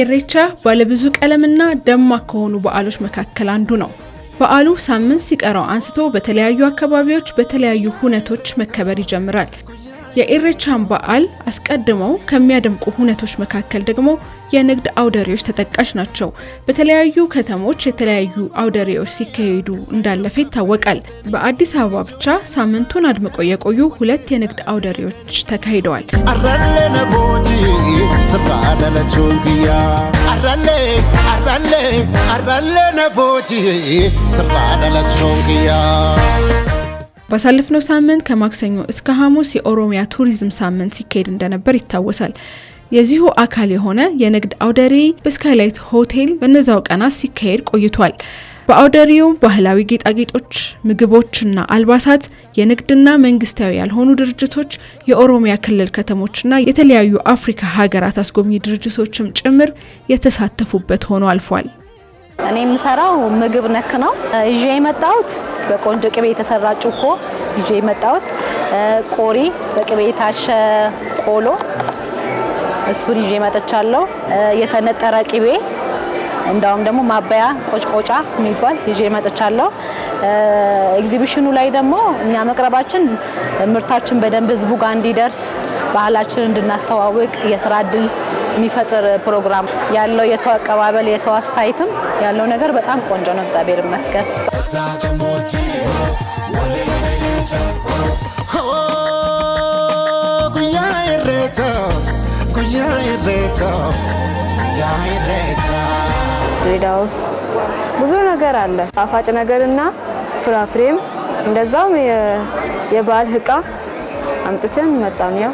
ኢሬቻ ባለብዙ ቀለምና ደማቅ ከሆኑ በዓሎች መካከል አንዱ ነው። በዓሉ ሳምንት ሲቀረው አንስቶ በተለያዩ አካባቢዎች በተለያዩ ሁነቶች መከበር ይጀምራል። የኢሬቻን በዓል አስቀድመው ከሚያደምቁ ሁነቶች መካከል ደግሞ የንግድ አውደሬዎች ተጠቃሽ ናቸው። በተለያዩ ከተሞች የተለያዩ አውደሬዎች ሲካሄዱ እንዳለፈ ይታወቃል። በአዲስ አበባ ብቻ ሳምንቱን አድምቆ የቆዩ ሁለት የንግድ አውደሬዎች ተካሂደዋል። አራሌ ባሳለፍነው ሳምንት ከማክሰኞ እስከ ሐሙስ የኦሮሚያ ቱሪዝም ሳምንት ሲካሄድ እንደነበር ይታወሳል። የዚሁ አካል የሆነ የንግድ አውደሪ በስካይላይት ሆቴል በነዛው ቀናት ሲካሄድ ቆይቷል። በአውደሪው ባህላዊ ጌጣጌጦች፣ ምግቦችና አልባሳት፣ የንግድና መንግስታዊ ያልሆኑ ድርጅቶች፣ የኦሮሚያ ክልል ከተሞችና የተለያዩ አፍሪካ ሀገራት አስጎብኚ ድርጅቶችም ጭምር የተሳተፉበት ሆኖ አልፏል። እኔ የምሰራው ምግብ ነክ ነው። ይዤ የመጣሁት በቆንጆ ቅቤ የተሰራ ጩኮ ይዤ የመጣሁት ቆሪ፣ በቅቤ የታሸ ቆሎ እሱን ይዤ መጥቻለሁ። የተነጠረ ቅቤ እንዳውም ደግሞ ማበያ ቆጭቆጫ የሚባል ይዤ መጥቻለሁ። ኤግዚቢሽኑ ላይ ደግሞ እኛ መቅረባችን ምርታችን በደንብ ህዝቡ ጋር እንዲደርስ ባህላችን እንድናስተዋውቅ የስራ እድል የሚፈጥር ፕሮግራም ያለው የሰው አቀባበል የሰው አስተያየትም ያለው ነገር በጣም ቆንጆ ነው። እግዚአብሔር ይመስገን። ድሬዳዋ ውስጥ ብዙ ነገር አለ። ጣፋጭ ነገርና ፍራፍሬም እንደዛውም የበዓል እቃ አምጥተን መጣን ያው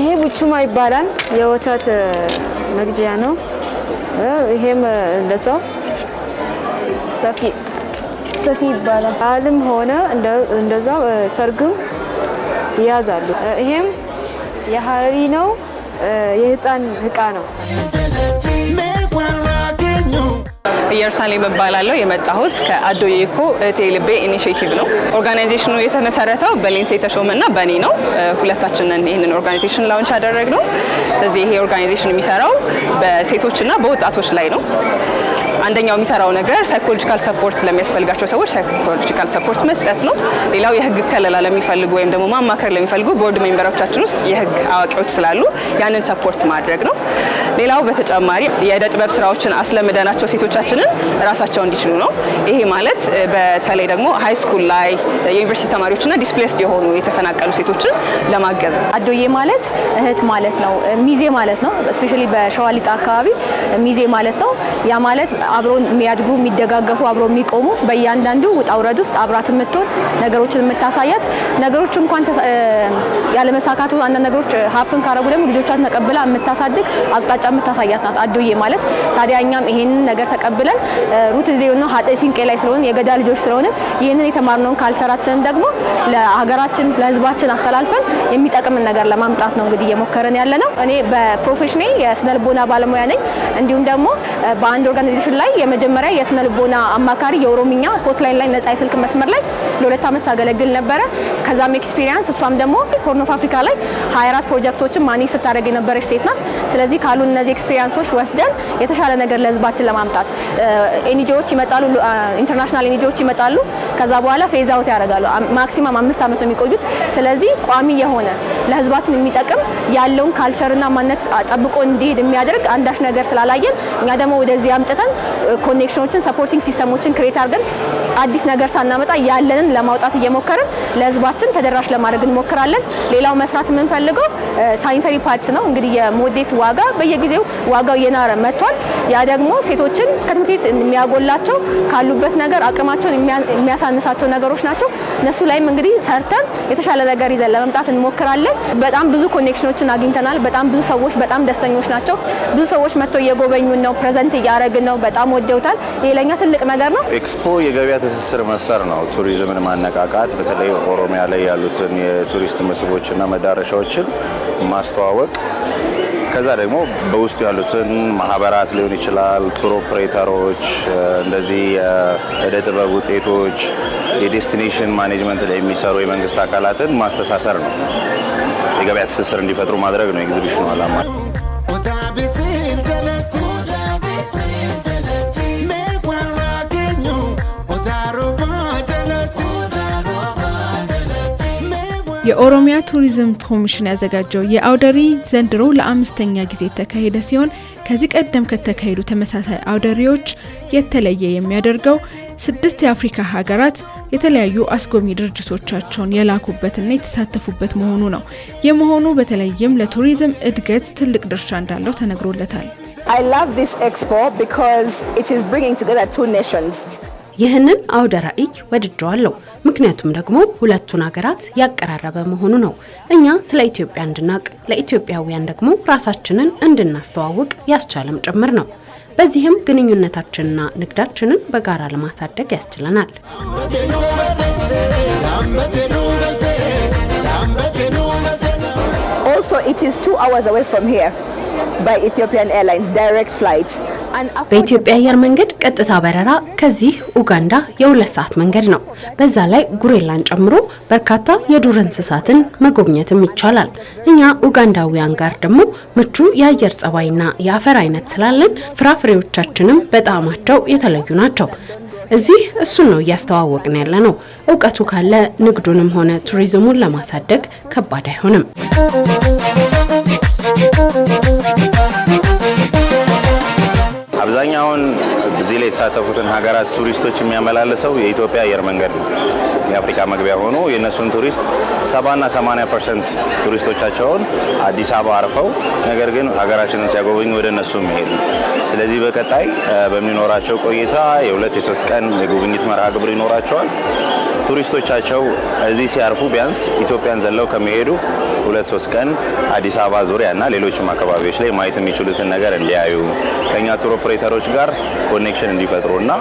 ይሄ ቡቹማ ይባላል። የወተት መግጃ ነው። ይሄም እንደዛው ሰፊ ሰፊ ይባላል። በዓልም ሆነ እንደዛ ሰርግም ይያዛሉ። ይሄም የሀሪ ነው። የህፃን እቃ ነው። ኢየሩሳሌም እባላለሁ። የመጣሁት ከአዶዬኮ እህቴ ልቤ ኢኒሽቲቭ ነው። ኦርጋናይዜሽኑ የተመሰረተው በሌንሴ የተሾመና በእኔ ነው። ሁለታችንን ይህንን ኦርጋናይዜሽን ላውንች ያደረግነው። ስለዚህ ይሄ ኦርጋናይዜሽን የሚሰራው በሴቶችና በወጣቶች ላይ ነው። አንደኛው የሚሰራው ነገር ሳይኮሎጂካል ሰፖርት ለሚያስፈልጋቸው ሰዎች ሳይኮሎጂካል ሰፖርት መስጠት ነው። ሌላው የህግ ከለላ ለሚፈልጉ ወይም ደግሞ ማማከር ለሚፈልጉ ቦርድ ሜምበሮቻችን ውስጥ የህግ አዋቂዎች ስላሉ ያንን ሰፖርት ማድረግ ነው። ሌላው በተጨማሪ የእደ ጥበብ ስራዎችን አስለምደናቸው ሴቶቻችንን ራሳቸው እንዲችሉ ነው። ይሄ ማለት በተለይ ደግሞ ሀይ ስኩል ላይ የዩኒቨርሲቲ ተማሪዎችና ዲስፕሌስድ የሆኑ የተፈናቀሉ ሴቶችን ለማገዝ ነው። አዶዬ ማለት እህት ማለት ነው፣ ሚዜ ማለት ነው። እስፔሻሊ በሸዋሊጣ አካባቢ ሚዜ ማለት ነው። ያ ማለት አብሮ የሚያድጉ የሚደጋገፉ፣ አብሮ የሚቆሙ በእያንዳንዱ ውጣ ውረድ ውስጥ አብራት የምትሆን ነገሮችን የምታሳያት ነገሮች እንኳን ያለመሳካቱ አንዳንድ ነገሮች ሀፕን ካረጉ ደግሞ ልጆቿን ተቀብላ የምታሳድግ አቅጣጫ አቅጣጫ የምታሳያት ናት አዶዬ ማለት። ታዲያ እኛም ይሄንን ነገር ተቀብለን ሩት ነው ሀጠ ሲንቄ ላይ ስለሆነ የገዳ ልጆች ስለሆነ ይህንን የተማርነውን ካልቸራችንን ደግሞ ለሀገራችን ለህዝባችን አስተላልፈን የሚጠቅምን ነገር ለማምጣት ነው እንግዲህ እየሞከረን ያለ ነው። እኔ በፕሮፌሽኔ የስነልቦና ባለሙያ ነኝ። እንዲሁም ደግሞ በአንድ ኦርጋናይዜሽን ላይ የመጀመሪያ የስነልቦና አማካሪ የኦሮምኛ ሆትላይን ላይ ነጻ የስልክ መስመር ላይ ለሁለት ዓመት ሳገለግል ነበረ። ከዛም ኤክስፒሪያንስ እሷም ደግሞ ሆርን ኦፍ አፍሪካ ላይ 24 ፕሮጀክቶችን ማኔጅ ስታደርግ የነበረች ሴት ናት። ስለዚህ ካሉን እነዚህ ኤክስፒሪንሶች ወስደን የተሻለ ነገር ለህዝባችን ለማምጣት ኤንጂኦዎች ይመጣሉ፣ ኢንተርናሽናል ኤንጂኦዎች ይመጣሉ። ከዛ በኋላ ፌዝ አውት ያደርጋሉ። ማክሲማም አምስት ዓመት ነው የሚቆዩት። ስለዚህ ቋሚ የሆነ ለህዝባችን የሚጠቅም ያለውን ካልቸርና ማንነት ጠብቆ እንዲሄድ የሚያደርግ አንዳች ነገር ስላላየን እኛ ደግሞ ወደዚህ አምጥተን ኮኔክሽኖችን፣ ሰፖርቲንግ ሲስተሞችን ክሬት አድርገን አዲስ ነገር ሳናመጣ ያለንን ለማውጣት እየሞከርን ለህዝባችን ተደራሽ ለማድረግ እንሞክራለን። ሌላው መስራት የምንፈልገው ሳኒተሪ ፓድስ ነው። እንግዲህ የሞዴስ ዋጋ በየጊዜው ዋጋው እየናረ መጥቷል። ያ ደግሞ ሴቶችን ከትምህርት ቤት የሚያጎላቸው ካሉበት ነገር አቅማቸውን የሚያሳ የምናነሳቸው ነገሮች ናቸው። እነሱ ላይም እንግዲህ ሰርተን የተሻለ ነገር ይዘን ለመምጣት እንሞክራለን። በጣም ብዙ ኮኔክሽኖችን አግኝተናል። በጣም ብዙ ሰዎች በጣም ደስተኞች ናቸው። ብዙ ሰዎች መጥተው እየጎበኙን ነው፣ ፕሬዘንት እያደረግን ነው። በጣም ወደውታል። ይሄ ለእኛ ትልቅ ነገር ነው። ኤክስፖ የገበያ ትስስር መፍጠር ነው፣ ቱሪዝምን ማነቃቃት፣ በተለይ ኦሮሚያ ላይ ያሉትን የቱሪስት መስህቦችና መዳረሻዎችን ማስተዋወቅ ከዛ ደግሞ በውስጡ ያሉትን ማህበራት ሊሆን ይችላል፣ ቱር ኦፕሬተሮች፣ እንደዚህ የእደ ጥበብ ውጤቶች፣ የዴስቲኔሽን ማኔጅመንት ላይ የሚሰሩ የመንግስት አካላትን ማስተሳሰር ነው። የገበያ ትስስር እንዲፈጥሩ ማድረግ ነው የኤግዚቢሽኑ ዓላማ። የኦሮሚያ ቱሪዝም ኮሚሽን ያዘጋጀው የአውደሪ ዘንድሮ ለአምስተኛ ጊዜ የተካሄደ ሲሆን ከዚህ ቀደም ከተካሄዱ ተመሳሳይ አውደሪዎች የተለየ የሚያደርገው ስድስት የአፍሪካ ሀገራት የተለያዩ አስጎብኝ ድርጅቶቻቸውን የላኩበትና የተሳተፉበት መሆኑ ነው። የመሆኑ በተለይም ለቱሪዝም እድገት ትልቅ ድርሻ እንዳለው ተነግሮለታል። I love this expo because it is bringing together two nations. ይህንን አውደ ራዕይ ወድጀዋለሁ። ምክንያቱም ደግሞ ሁለቱን ሀገራት ያቀራረበ መሆኑ ነው። እኛ ስለ ኢትዮጵያ እንድናቅ፣ ለኢትዮጵያውያን ደግሞ ራሳችንን እንድናስተዋውቅ ያስቻለም ጭምር ነው። በዚህም ግንኙነታችንና ንግዳችንን በጋራ ለማሳደግ ያስችለናል። Also it is two hours away from here by Ethiopian Airlines direct flight. በኢትዮጵያ አየር መንገድ ቀጥታ በረራ ከዚህ ኡጋንዳ የሁለት ሰዓት መንገድ ነው። በዛ ላይ ጉሬላን ጨምሮ በርካታ የዱር እንስሳትን መጎብኘትም ይቻላል። እኛ ኡጋንዳውያን ጋር ደግሞ ምቹ የአየር ጸባይና የአፈር አይነት ስላለን ፍራፍሬዎቻችንም በጣዕማቸው የተለዩ ናቸው። እዚህ እሱን ነው እያስተዋወቅን ያለ ነው። እውቀቱ ካለ ንግዱንም ሆነ ቱሪዝሙን ለማሳደግ ከባድ አይሆንም። የተሳተፉትን ሀገራት ቱሪስቶች የሚያመላልሰው የኢትዮጵያ አየር መንገድ ነው። የአፍሪካ መግቢያ ሆኖ የእነሱን ቱሪስት ሰባና 8 ፐርሰንት ቱሪስቶቻቸውን አዲስ አበባ አርፈው ነገር ግን ሀገራችንን ሲያጎበኙ ወደ እነሱ የሚሄድ ነው። ስለዚህ በቀጣይ በሚኖራቸው ቆይታ የሁለት የሶስት ቀን የጉብኝት መርሃ ግብር ይኖራቸዋል። ቱሪስቶቻቸው እዚህ ሲያርፉ ቢያንስ ኢትዮጵያን ዘለው ከሚሄዱ ሁለት ሶስት ቀን አዲስ አበባ ዙሪያ እና ሌሎችም አካባቢዎች ላይ ማየት የሚችሉትን ነገር እንዲያዩ ከኛ ቱር ኦፕሬተሮች ጋር ኮኔክሽን እንዲፈጥሩ እና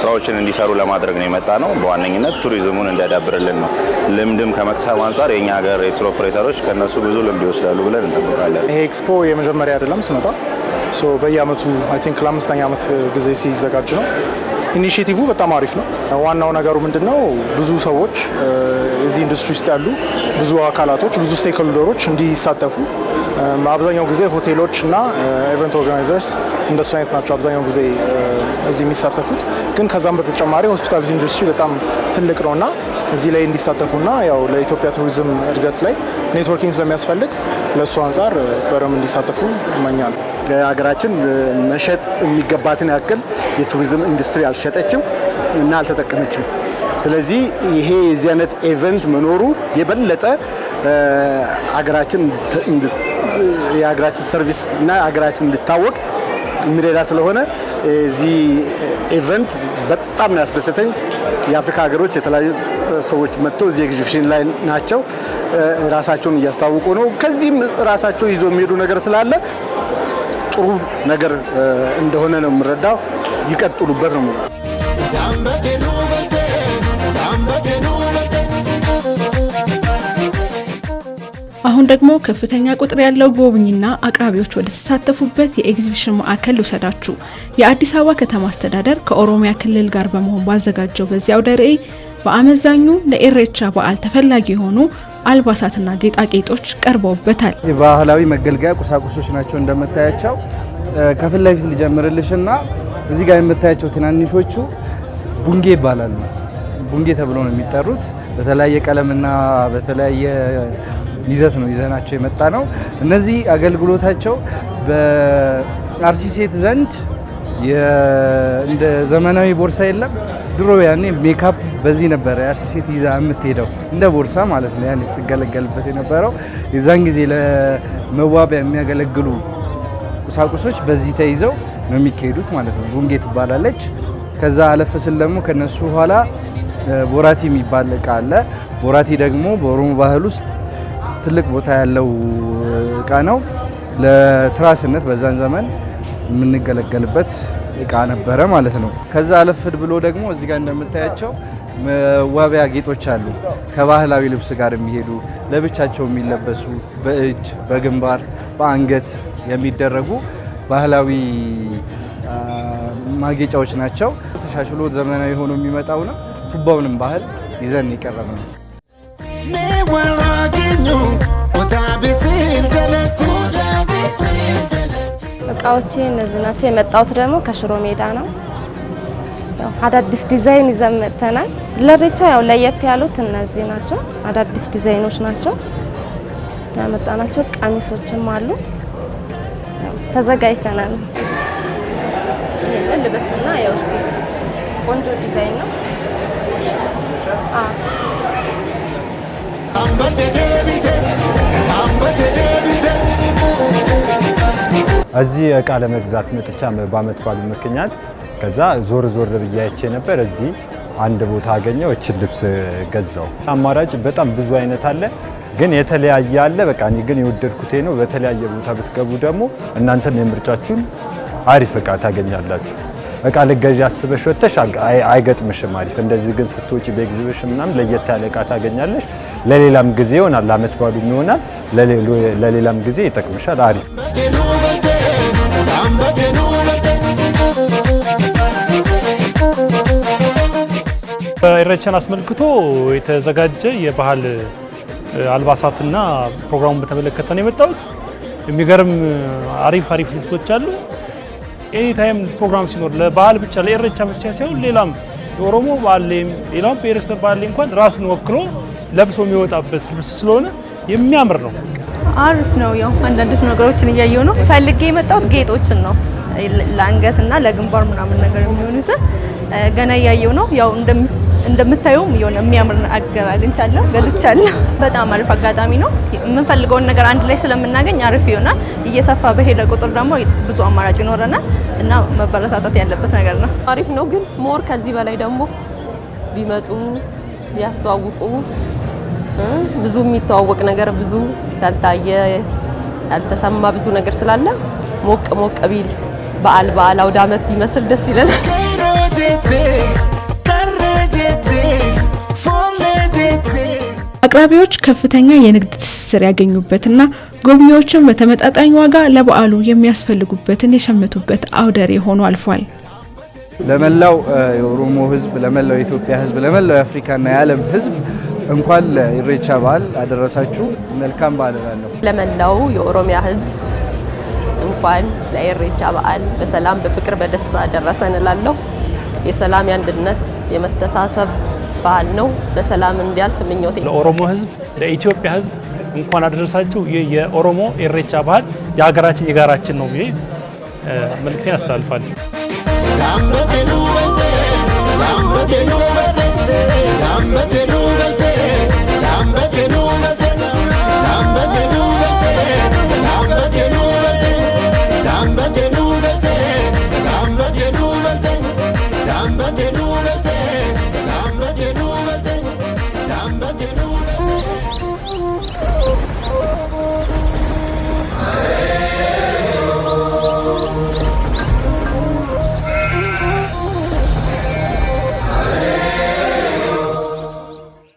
ስራዎችን እንዲሰሩ ለማድረግ ነው የመጣ ነው። በዋነኝነት ቱሪዝሙን እንዲያዳብርልን ነው። ልምድም ከመቅሰም አንጻር የኛ ሀገር የቱር ኦፕሬተሮች ከእነሱ ብዙ ልምድ ይወስዳሉ ብለን እንጠብቃለን። ይሄ ኤክስፖ የመጀመሪያ አይደለም ስመጣ በየአመቱ አይ ቲንክ ለአምስተኛ ዓመት ጊዜ ሲዘጋጅ ነው ኢኒሽቲቭ በጣም አሪፍ ነው። ዋናው ነገሩ ምንድን ነው? ብዙ ሰዎች እዚህ ኢንዱስትሪ ውስጥ ያሉ ብዙ አካላቶች፣ ብዙ ስቴክሆልደሮች እንዲሳተፉ አብዛኛው ጊዜ ሆቴሎች እና ኢቨንት ኦርጋናይዘርስ እንደሱ አይነት ናቸው አብዛኛው ጊዜ እዚህ የሚሳተፉት። ግን ከዛም በተጨማሪ ሆስፒታሊቲ ኢንዱስትሪ በጣም ትልቅ ነው እና እዚህ ላይ እንዲሳተፉና ያው ለኢትዮጵያ ቱሪዝም እድገት ላይ ኔትወርኪንግ ስለሚያስፈልግ ለእሱ አንጻር በረም እንዲሳተፉ እመኛለሁ። ሀገራችን መሸጥ የሚገባትን ያክል የቱሪዝም ኢንዱስትሪ አልሸጠችም እና አልተጠቀመችም። ስለዚህ ይሄ የዚህ አይነት ኤቨንት መኖሩ የበለጠ ሀገራችን የሀገራችን ሰርቪስ እና ሀገራችን እንድታወቅ የሚረዳ ስለሆነ እዚህ ኤቨንት በጣም ነው ያስደሰተኝ። የአፍሪካ ሀገሮች የተለያዩ ሰዎች መጥተው እዚህ ኤግዚቢሽን ላይ ናቸው። ራሳቸውን እያስተዋወቁ ነው። ከዚህም ራሳቸው ይዞ የሚሄዱ ነገር ስላለ ጥሩ ነገር እንደሆነ ነው የምረዳው። ይቀጥሉበት ነው። አሁን ደግሞ ከፍተኛ ቁጥር ያለው ጎብኝና አቅራቢዎች ወደ ተሳተፉበት የኤግዚቢሽን ማዕከል ልውሰዳችሁ። የአዲስ አበባ ከተማ አስተዳደር ከኦሮሚያ ክልል ጋር በመሆን ባዘጋጀው በዚያው ደርኤ በአመዛኙ ለኤሬቻ በዓል ተፈላጊ የሆኑ አልባሳትና ጌጣጌጦች ቀርበውበታል። ባህላዊ መገልገያ ቁሳቁሶች ናቸው እንደምታያቸው። ከፊት ለፊት ልጀምርልሽና እዚህ ጋር የምታያቸው ትናንሾቹ ቡንጌ ይባላሉ። ቡንጌ ተብሎ ነው የሚጠሩት። በተለያየ ቀለምና በተለያየ ይዘት ነው ይዘናቸው የመጣ ነው። እነዚህ አገልግሎታቸው በአርሲሴት ዘንድ እንደ ዘመናዊ ቦርሳ የለም። ድሮ ያኔ ሜካፕ በዚህ ነበረ የአርሲ ሴት ይዛ የምትሄደው እንደ ቦርሳ ማለት ነው። ያኔ ስትገለገልበት የነበረው የዛን ጊዜ ለመዋቢያ የሚያገለግሉ ቁሳቁሶች በዚህ ተይዘው ነው የሚካሄዱት ማለት ነው። ጉንጌ ትባላለች። ከዛ አለፍ ስል ደግሞ ከነሱ ኋላ ቦራቲ የሚባል እቃ አለ። ቦራቲ ደግሞ በኦሮሞ ባህል ውስጥ ትልቅ ቦታ ያለው እቃ ነው ለትራስነት በዛን ዘመን የምንገለገልበት እቃ ነበረ ማለት ነው። ከዛ አለፍድ ብሎ ደግሞ እዚህ ጋር እንደምታያቸው መዋቢያ ጌጦች አሉ። ከባህላዊ ልብስ ጋር የሚሄዱ ለብቻቸው የሚለበሱ በእጅ፣ በግንባር፣ በአንገት የሚደረጉ ባህላዊ ማጌጫዎች ናቸው። ተሻሽሎ ዘመናዊ ሆኖ የሚመጣው ነው። ቱባውንም ባህል ይዘን የቀረብ ነው። እቃዎቼ እነዚህ ናቸው። የመጣሁት ደግሞ ከሽሮ ሜዳ ነው። አዳዲስ ዲዛይን ይዘን መጥተናል። ለብቻ ያው ለየት ያሉት እነዚህ ናቸው። አዳዲስ ዲዛይኖች ናቸው ያመጣናቸው። ቀሚሶችም አሉ። ተዘጋጅተናል። ይህንን ልበስና ያው እስኪ ቆንጆ ዲዛይን ነው። እዚህ እቃ ለመግዛት መጥቻ በአመት ባሉ ምክንያት ከዛ ዞር ዞር ብዬ ነበር። እዚህ አንድ ቦታ አገኘው እችን ልብስ ገዛው። አማራጭ በጣም ብዙ አይነት አለ፣ ግን የተለያየ አለ። በቃ እኔ ግን የወደድኩት ነው። በተለያየ ቦታ ብትገቡ ደግሞ እናንተም የምርጫችሁን አሪፍ እቃ ታገኛላችሁ። እቃ ልትገዢ አስበሽ ወተሽ አይገጥምሽም አሪፍ። እንደዚህ ግን ስትወጪ በኤግዚቢሽን ምናምን ለየት ያለ እቃ ታገኛለሽ። ለሌላም ጊዜ ይሆናል፣ ለአመት ባሉም ይሆናል፣ ለሌላም ጊዜ ይጠቅምሻል አሪፍ አንበገኑ አስመልክቶ የተዘጋጀ የባህል አልባሳትና ፕሮግራሙን በተመለከተ ነው የመጣሁት። የሚገርም አሪፍ አሪፍ ልብሶች አሉ። ኤኒታይም ፕሮግራም ሲኖር ለባህል ብቻ ለኢሬቻ ብቻ ሳይሆን ሌላም የኦሮሞ ባህል ላይም ሌላም ብሔረሰብ ባህል ላይ እንኳን ራሱን ወክሎ ለብሶ የሚወጣበት ልብስ ስለሆነ የሚያምር ነው። አሪፍ ነው። ያው አንዳንድ ነገሮችን እያየው ነው። ፈልጌ የመጣሁት ጌጦችን ነው ለአንገትና ለግንባር ምናምን ነገር የሚሆኑትን ገና እያየው ነው። ያው እንደምታዩም የሆነ የሚያምር አግኝቻለሁ፣ ገዝቻለሁ። በጣም አሪፍ አጋጣሚ ነው። የምንፈልገውን ነገር አንድ ላይ ስለምናገኝ አሪፍ ይሆናል። እየሰፋ በሄደ ቁጥር ደግሞ ብዙ አማራጭ ይኖረናል እና መበረታታት ያለበት ነገር ነው። አሪፍ ነው ግን ሞር ከዚህ በላይ ደግሞ ቢመጡ ቢያስተዋውቁ ብዙ የሚተዋወቅ ነገር ብዙ ያልታየ ያልተሰማ ብዙ ነገር ስላለ ሞቅ ሞቅ ቢል በዓል በዓል አውደ ዓመት ቢመስል ደስ ይለናል። አቅራቢዎች ከፍተኛ የንግድ ትስስር ያገኙበትና ጎብኚዎችን በተመጣጣኝ ዋጋ ለበዓሉ የሚያስፈልጉበትን የሸመቱበት አውደር ርዕይ ሆኖ አልፏል። ለመላው የኦሮሞ ሕዝብ፣ ለመላው የኢትዮጵያ ሕዝብ፣ ለመላው የአፍሪካና የዓለም ሕዝብ እንኳን ለኢሬቻ በዓል አደረሳችሁ። መልካም በዓል እላለሁ። ለመላው የኦሮሚያ ሕዝብ እንኳን ለኢሬቻ በዓል በሰላም በፍቅር በደስታ አደረሰን እላለሁ። የሰላም የአንድነት የመተሳሰብ በዓል ነው። በሰላም እንዲያልፍ ምኞቴ። ለኦሮሞ ሕዝብ ለኢትዮጵያ ሕዝብ እንኳን አደረሳችሁ። ይህ የኦሮሞ ኢሬቻ በዓል የሀገራችን የጋራችን ነው ብዬ መልክቴን አስተላልፋለሁ። ዳመቴ ዳመቴ ዳመቴ